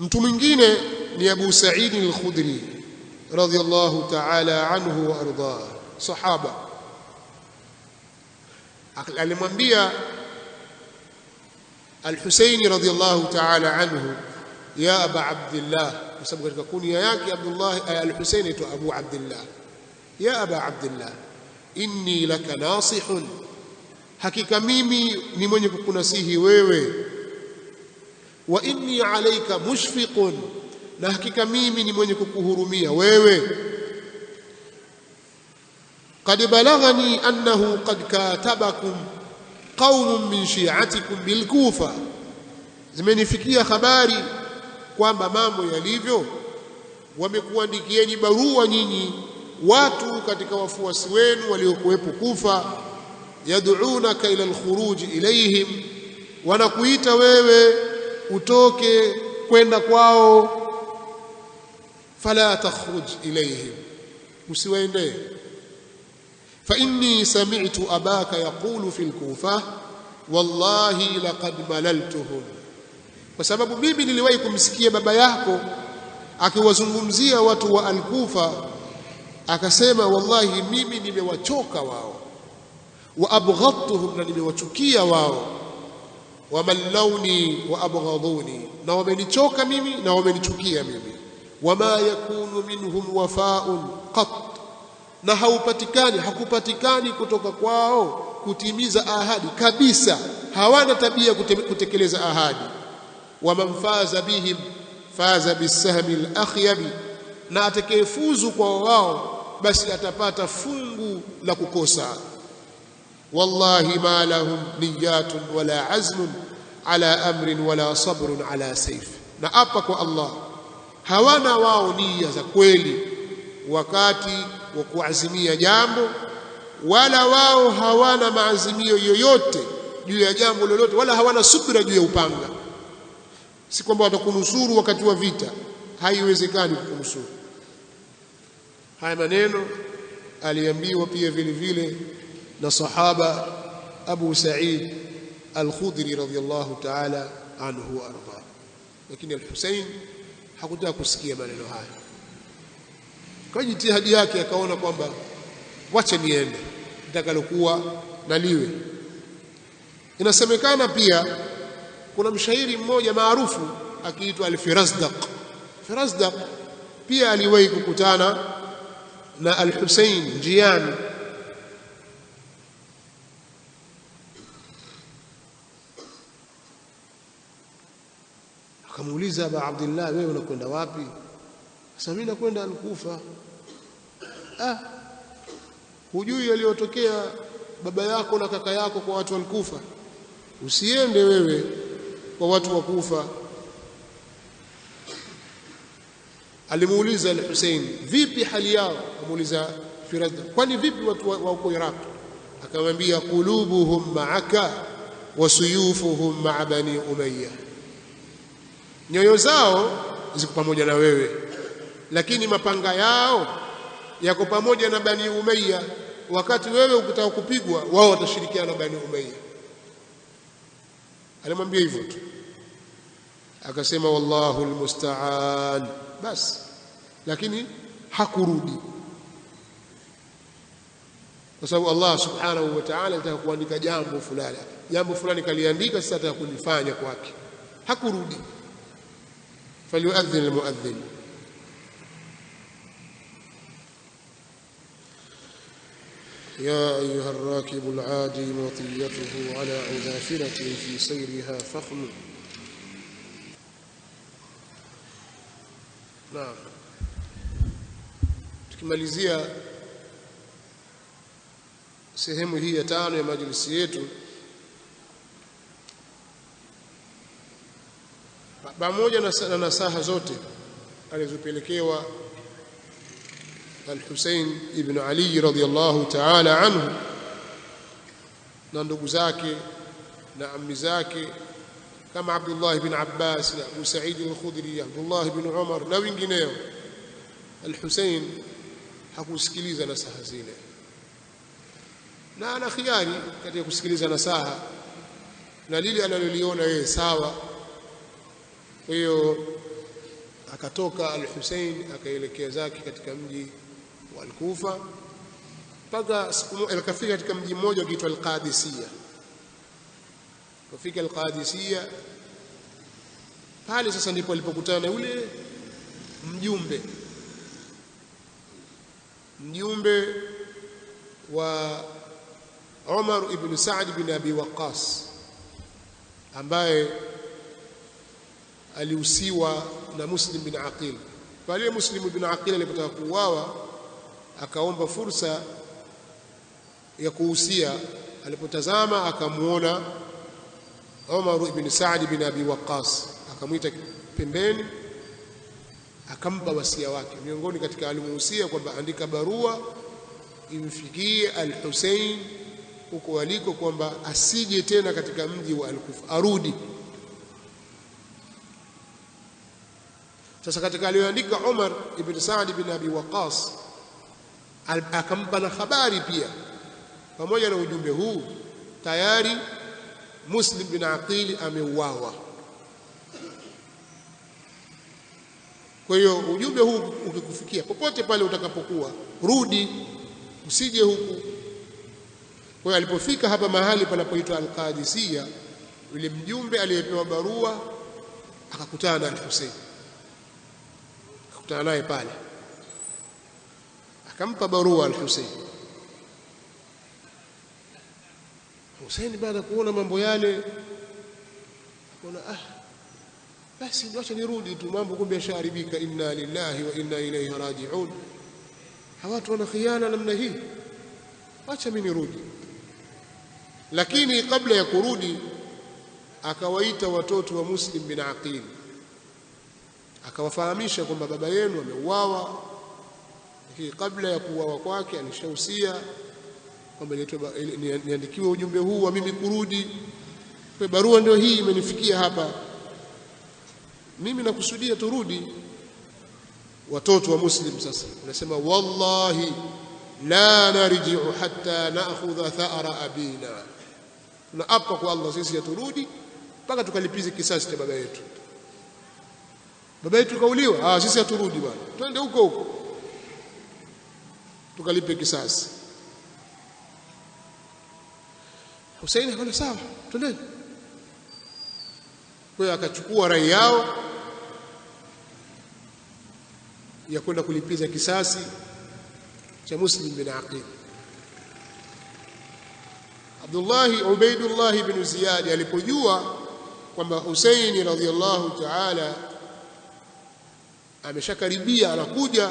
mtu mwingine ni Abu saidi al-Khudri radhiyallahu ta'ala anhu wa arda sahaba alimwambia al-Husaini radhiyallahu ta'ala anhu ya aba Abdullah kwa sababu katika kunia yake Abdullah al-Husaini tu Abu Abdullah ya aba Abdullah inni laka nasihun hakika mimi ni mwenye kukunasihi wewe wa inni alayka mushfiqun na hakika mimi ni mwenye kukuhurumia wewe qad balaghani annahu qad katabakum qaumun min shi'atikum bilkufa zimenifikia habari kwamba mambo yalivyo wamekuandikieni barua nyinyi watu katika wafuasi wenu waliokuwepo Kufa yad'unaka ila alkhuruj ilayhim wanakuita wewe utoke kwenda kwao fala takhruj ilayhim usiwaende fa inni sami'tu abaka yaqulu fil kufa wallahi laqad malaltuhum kwa sababu mimi niliwahi kumsikia baba yako akiwazungumzia watu wa alkufa akasema wallahi mimi nimewachoka wao wa abghadtuhum na nimewachukia wao wamallauni wa na wamenichoka mimi na wamenichukia mimi. Wama yakunu minhum wafaun qat, na haupatikani hakupatikani kutoka kwao kutimiza ahadi kabisa. Hawana tabia kutekeleza ahadi. Waman faza bihim faza bisahmi lakhyabi na atakayefuzu kwa wao basi atapata fungu la kukosa wallahi ma lahum niyatun wala azmun ala amrin wala sabrun ala saif, na hapa kwa Allah, hawana wao nia za kweli wakati wa kuazimia jambo, wala wao hawana maazimio yoyote juu ya jambo lolote, wala hawana subira juu ya upanga. Si kwamba watakunusuru wakati wa vita, haiwezekani kukunusuru. Haya maneno aliambiwa pia vile vile na sahaba Abu Sa'id Al-Khudri radhiyallahu ta'ala anhu arda lakini al hussein hakutaka kusikia maneno haya kwa jitihadi yake akaona kwamba wacha niende nitakalokuwa na liwe inasemekana pia kuna mshairi mmoja maarufu akiitwa Al-Firazdaq Firazdaq pia aliwahi kukutana na al hussein njiani akamuuliza Aba Abdullah, wewe unakwenda wapi? Sasa mimi nakwenda alkufa Ah, hujui yaliyotokea baba yako na kaka yako kwa watu al Usiende wewe kwa watu wa Kufa. Alimuuliza Al-Hussein, vipi hali yao? kamuuliza Firad, kwani vipi watu wa huko Iraq? Akamwambia, qulubuhum ma'aka wa suyufuhum ma'a bani Umayyah nyoyo zao ziko pamoja na wewe, lakini mapanga yao yako pamoja na Bani Umayya. Wakati wewe ukitaka kupigwa, wao watashirikiana na Bani Umayya. Alimwambia hivyo tu, akasema wallahu almusta'an, basi. Lakini hakurudi kwa sababu Allah subhanahu wa ta'ala alitaka kuandika jambo fulani, jambo fulani kaliandika, sasa ataka kulifanya kwake, hakurudi. فليؤذن المؤذن يا أيها الراكب العادي مطيته على عذافرة في سيرها فخم نعم تكماليزيا سهم هي تانو يا ya pamoja na nasaha zote alizopelekewa al-Hussein ibn Ali radhiyallahu ta'ala anhu na ndugu zake na ammi zake kama Abdullah ibn Abbas na Abu Sa'id al-Khudri Abdullah ibn Umar na wengineo al-Hussein hakusikiliza nasaha zile na ana khiari katika kusikiliza nasaha na lile analoliona yeye sawa kwa hiyo akatoka al-Hussein akaelekea zake katika mji wa al-Kufa mpaka alikafika katika mji mmoja ukiitwa al-Qadisiyah. Kufika al-Qadisiyah pale sasa ndipo alipokutana yule mjumbe mjumbe wa Umar ibn Sa'd bin Abi Waqqas ambaye alihusiwa na Muslim bin Aqil. Pale Muslim bin Aqil alipotaka kuuawa, akaomba fursa ya kuhusia. Alipotazama akamwona Umar ibn Saad bin Abi Waqqas, akamwita pembeni, akampa wasia wake, miongoni katika alimuhusia kwamba andika barua imfikie Al-Hussein huko aliko, kwamba asije tena katika mji wa Al-Kufa, arudi sasa katika aliyoandika Umar ibn Saad ibn Abi Waqas akampa na habari pia pamoja na ujumbe huu tayari Muslim bin Aqili ameuawa kwa hiyo ujumbe huu ukikufikia popote pale utakapokuwa rudi usije huku kwa hiyo alipofika hapa mahali panapoitwa Al-Qadisiyya yule mjumbe aliyepewa barua akakutana na al Hussein kukutana naye pale akampa barua al-Husayn baada baada kuona mambo yale akaona ah basi acha nirudi tu mambo kumbe yasharibika inna lillahi wa inna ilayhi raji'un hawatu wana khiana namna hii acha mimi nirudi lakini kabla ya kurudi akawaita watoto wa Muslim bin Aqil akawafahamisha kwamba baba yenu ameuawa lakini kabla ya kuuawa kwake alishahusia kwamba niandikiwe ujumbe huu wa mimi kurudi kwa barua ndio hii imenifikia hapa mimi nakusudia turudi watoto wa muslim sasa unasema wallahi la narji'u hatta na'khudha tha'ra abina tunaapa kwa Allah sisi yaturudi mpaka tukalipize kisasi cha baba yetu baba yetu kauliwa ah sisi haturudi bwana twende huko huko tukalipe kisasi Hussein akaona sawa twendeni kwa akachukua rai yao ya kwenda kulipiza kisasi cha Muslim bin Aqil Abdullah Ubaidullah bin Ziyad alipojua kwamba Hussein radhiyallahu ta'ala ameshakaribia anakuja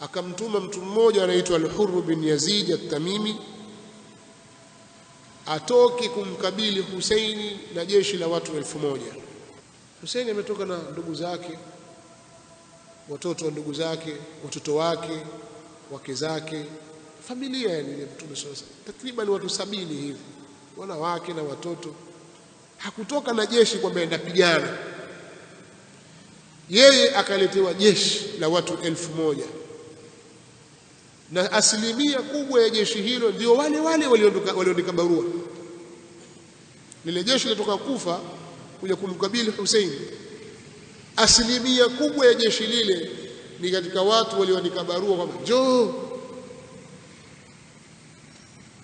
akamtuma mtu mmoja anaitwa al-Hurr bin Yazid at-Tamimi atoke kumkabili Husaini na jeshi la watu elfu moja. Husaini ametoka na ndugu zake, watoto wa ndugu zake, watoto wake, wake zake, familia yani ya Mtume sasa, takriban watu sabini hivi, wanawake na watoto. Hakutoka na jeshi kwamba endapigana yeye akaletewa jeshi la watu elfu moja na asilimia kubwa ya jeshi hilo ndio wale wale walioandika barua. Lile jeshi lilitoka Kufa kuja kumkabili Hussein, asilimia kubwa ya jeshi lile ni katika watu walioandika barua kwamba njoo.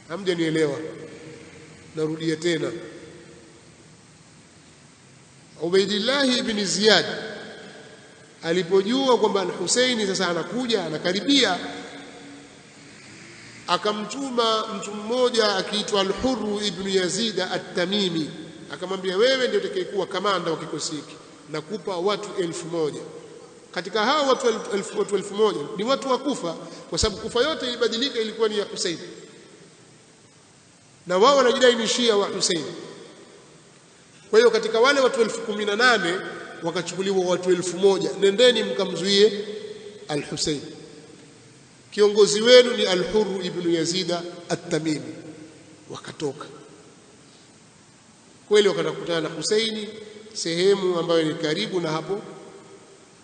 Hamjanielewa, narudia tena. Ubaidillahi ibn Ziyad Alipojua kwamba Huseini sasa anakuja anakaribia, akamtuma mtu mmoja akiitwa Alhuru ibnu Yazid At-Tamimi, akamwambia wewe ndio utakayekuwa kamanda wa kikosi hiki, nakupa watu elfu moja. Katika hao watu elfu, watu elfu moja ni watu wa Kufa, kwa sababu Kufa yote ilibadilika, ilikuwa ni ya Huseini na wao wanajidai ni Shia wa Huseini. Kwa hiyo katika wale watu elfu kumi na nane wakachukuliwa watu elfu moja nendeni mkamzuie al Kiongozi wenu ni al-Hurru ibn Yazida at-Tamimi. Wakatoka kweli, wakatakutana na huseini sehemu ambayo ni karibu na hapo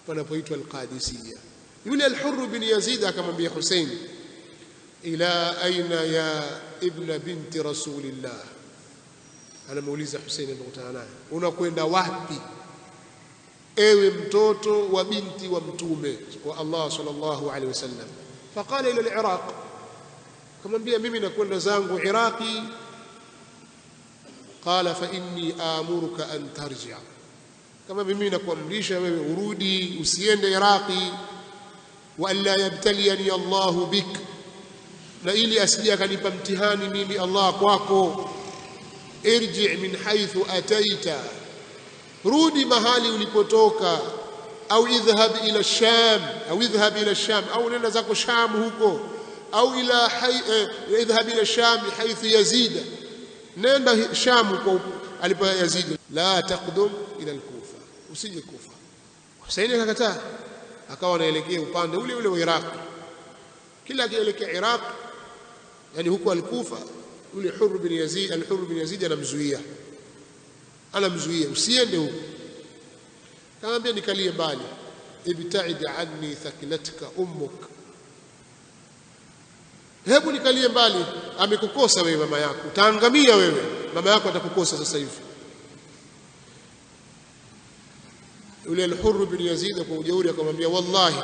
panapoitwa al-Qadisiyya. Yule al-Hurru ibn Yazida akamwambia Husaini, ila aina ya ibna binti rasulillah, anamuuliza Husaini, anakutana naye, unakwenda wapi? ewe mtoto wa binti wa mtume wa Allah sallallahu alaihi wasallam faqala ila al-iraq kamwambia mimi nakwenda zangu iraqi qala fa inni amuruka an tarji' kama mimi nakuamrisha wewe urudi usiende iraqi wa alla yabtaliyani Allah bik na ili asije akanipa mtihani mimi Allah kwako irji' min haythu ataita rudi mahali ulipotoka au idhhab ila sham au idhhab ila sham au nenda zako sham huko au ila idhhab ila sham haithu yazid nenda sham huko alipo yazid la taqdum ila alkufa usije kufa Husaini akakataa akawa anaelekea upande ule ule wa Iraq kila akielekea Iraq yani huko alkufa ule Hurr bin Yazid alhurr bin Yazid anamzuia anamzuia usiende huko kaambia nikalie mbali ibtaid anni thakilatka ummuk hebu nikalie mbali amekukosa wewe mama yako utaangamia wewe mama yako atakukosa sasa hivi yule al-Hurr bin Yazid kwa ujeuri akamwambia wallahi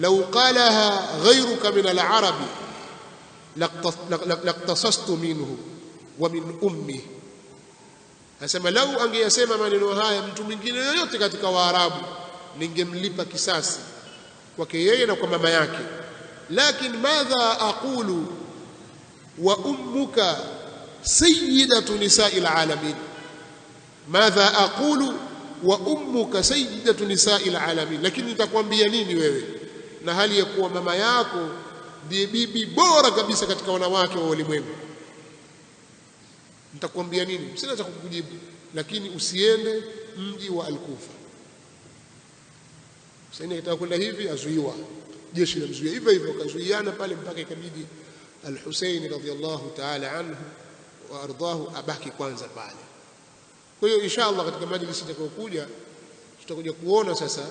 law qalaha ghayruka min al-arabi laqtasastu minhu wa min ummihi Anasema lau angeyasema maneno haya mtu mwingine yoyote katika Waarabu, ningemlipa kisasi kwake yeye na kwa mama yake. Lakin madha aqulu wa ummuka sayyidatu nisai alalamin, madha aqulu wa ummuka sayyidatu nisai alalamin, lakini nitakwambia nini wewe, na hali ya kuwa mama yako ndiye bibi bora kabisa katika wanawake wa ulimwengu nitakwambia nini sina cha kukujibu lakini usiende mji wa al-Kufa Husaini akitaka kwenda hivi azuiwa jeshi lamzuia hivyo hivyo akazuiana pale mpaka ikabidi al-Husaini radhiallahu ta'ala anhu wa ardhahu abaki kwanza pale kwa hiyo inshallah katika majlisi itakayokuja tutakuja kuona sasa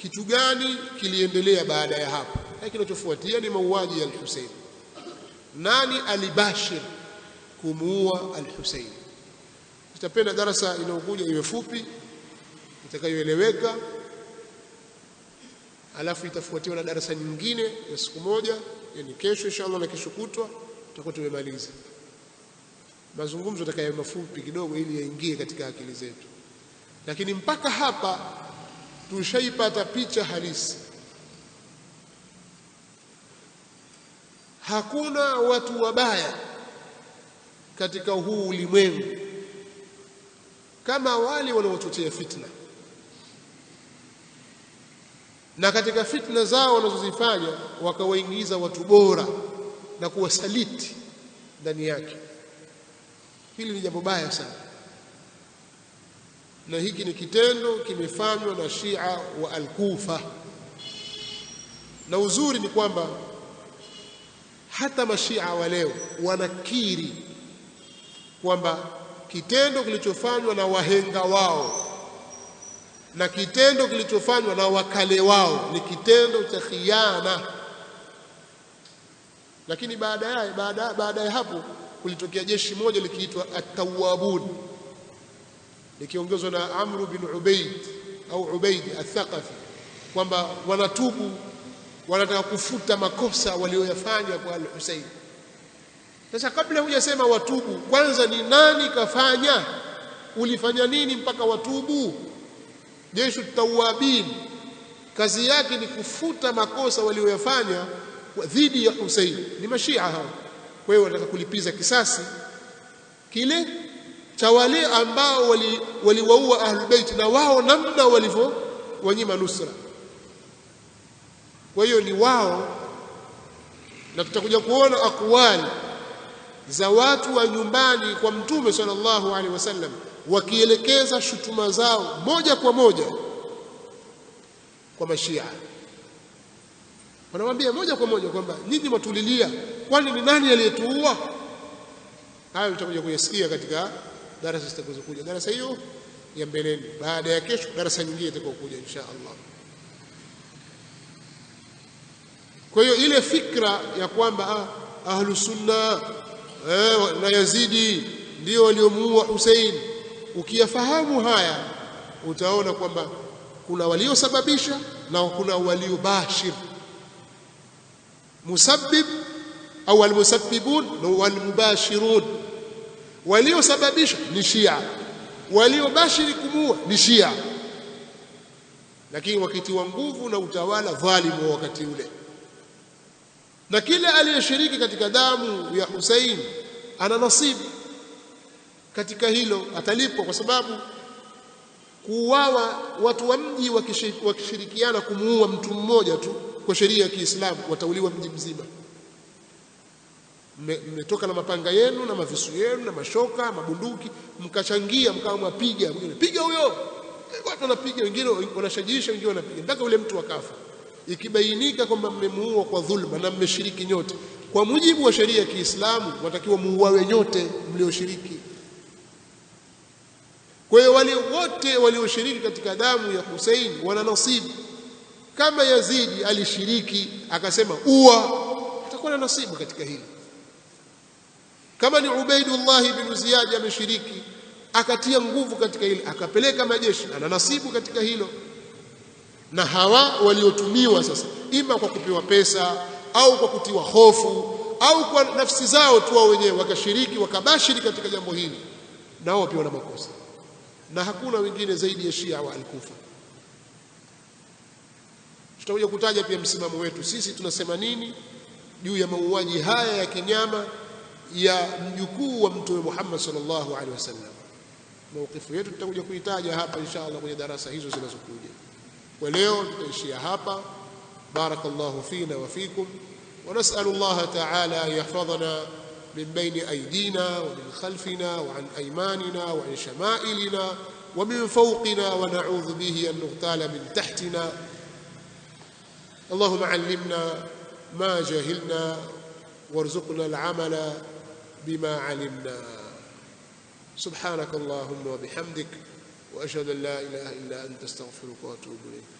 kitu gani kiliendelea baada ya hapo kinachofuatia ni mauaji ya al-Husaini nani alibashir kumuua al hussein Nitapenda darasa inayokuja iwe fupi itakayoeleweka, alafu itafuatiwa na darasa nyingine ya siku moja, yani kesho inshallah na kesho kutwa tutakuwa tumemaliza mazungumzo takayo mafupi kidogo, ili yaingie katika akili zetu. Lakini mpaka hapa tushaipata picha halisi. Hakuna watu wabaya katika huu ulimwengu kama wale wanaochochea fitna na katika fitna zao wanazozifanya wakawaingiza watu bora na kuwasaliti ndani yake. Hili ni jambo baya sana, na hiki ni kitendo kimefanywa na Shia wa Al-Kufa. Na uzuri ni kwamba hata mashia wa leo wanakiri kwamba kitendo kilichofanywa na wahenga wao na kitendo kilichofanywa na wakale wao ni kitendo cha khiana. Lakini ya baada baada ya hapo kulitokea jeshi moja likiitwa At-Tawwabun likiongozwa na Amru bin Ubaid au Ubaid Athaqafi, kwamba wanatubu, wanataka kufuta makosa walioyafanya kwa al husayn sasa kabla hujasema watubu, kwanza ni nani kafanya? Ulifanya nini mpaka watubu? Jeshu Tawabin kazi yake ni kufuta makosa walioyafanya dhidi ya Husein. Ni mashia hao, hiyo wanataka kulipiza kisasi kile cha wale ambao waliwaua wali Ahlulbeiti na wao namna walivyo wanyima nusra. Kwa hiyo ni wao, na tutakuja kuona akwali za watu wa nyumbani kwa mtume sallallahu alaihi wasallam, wakielekeza shutuma zao moja kwa moja kwa mashia. Wanamwambia moja kwa moja kwamba nyinyi mwatulilia, kwani ni nani aliyetuua? Hayo tutakuja kuyasikia katika darasa zitakazokuja. Darasa hiyo ya mbeleni, baada ya kesho darasa nyingine itakayokuja insha Allah. Kwa hiyo ile fikra ya kwamba ah, ahlusunna eh, na Yazidi ndio waliomuua Hussein. Ukiyafahamu haya utaona kwamba kuna waliosababisha na kuna waliobashir. Musabbib au almusabbibun na walmubashirun, waliosababisha ni Shia, waliobashiri kumuua ni Shia, lakini wakitiwa nguvu na utawala dhalimu wa wakati ule na kila aliyeshiriki katika damu ya Hussein ana nasibu katika hilo, atalipwa kwa sababu kuuawa watu wa mji wakishirikiana kumuua mtu mmoja tu kwa sheria ya Kiislamu watauliwa mji mzima. Mmetoka na mapanga yenu na mavisu yenu na mashoka, mabunduki, mkachangia, mkawa mwapiga, piga huyo, eh, watu wanapiga, wengine wanashajiisha, wengine wanapiga mpaka ule mtu akafa. Ikibainika kwamba mmemuua kwa dhulma na mmeshiriki nyote, kwa mujibu wa sheria ya Kiislamu watakiwa muuawe nyote mlioshiriki. Kwa hiyo wale wote walioshiriki katika damu ya Hussein wana nasibu. Kama Yazidi alishiriki akasema uwa, atakuwa na nasibu katika hili. Kama ni Ubaidullah bin Ziyad ameshiriki akatia nguvu katika hili, akapeleka majeshi, ana nasibu katika hilo na hawa waliotumiwa sasa, ima kwa kupewa pesa au kwa kutiwa hofu au kwa nafsi zao tu wao wenyewe wakashiriki wakabashiri katika jambo hili, nao pia wana makosa, na hakuna wengine zaidi ya Shia wa Al-Kufa. Tutakuja kutaja pia msimamo wetu sisi tunasema nini juu ya mauaji haya ya kinyama ya mjukuu wa Mtume Muhammad sallallahu alaihi wasallam. Maukifu yetu tutakuja kuitaja hapa insha Allah kwenye darasa hizo zinazokuja. وليون tutaishia هابا بارك الله فينا وفيكم ونسأل الله تعالى أن يحفظنا من بين أيدينا ومن خلفنا وعن أيماننا وعن شمائلنا ومن فوقنا ونعوذ به أن نغتال من تحتنا اللهم علمنا ما جهلنا وارزقنا العمل بما علمنا سبحانك اللهم وبحمدك وأشهد أن لا إله إلا أنت استغفرك وأتوب إليك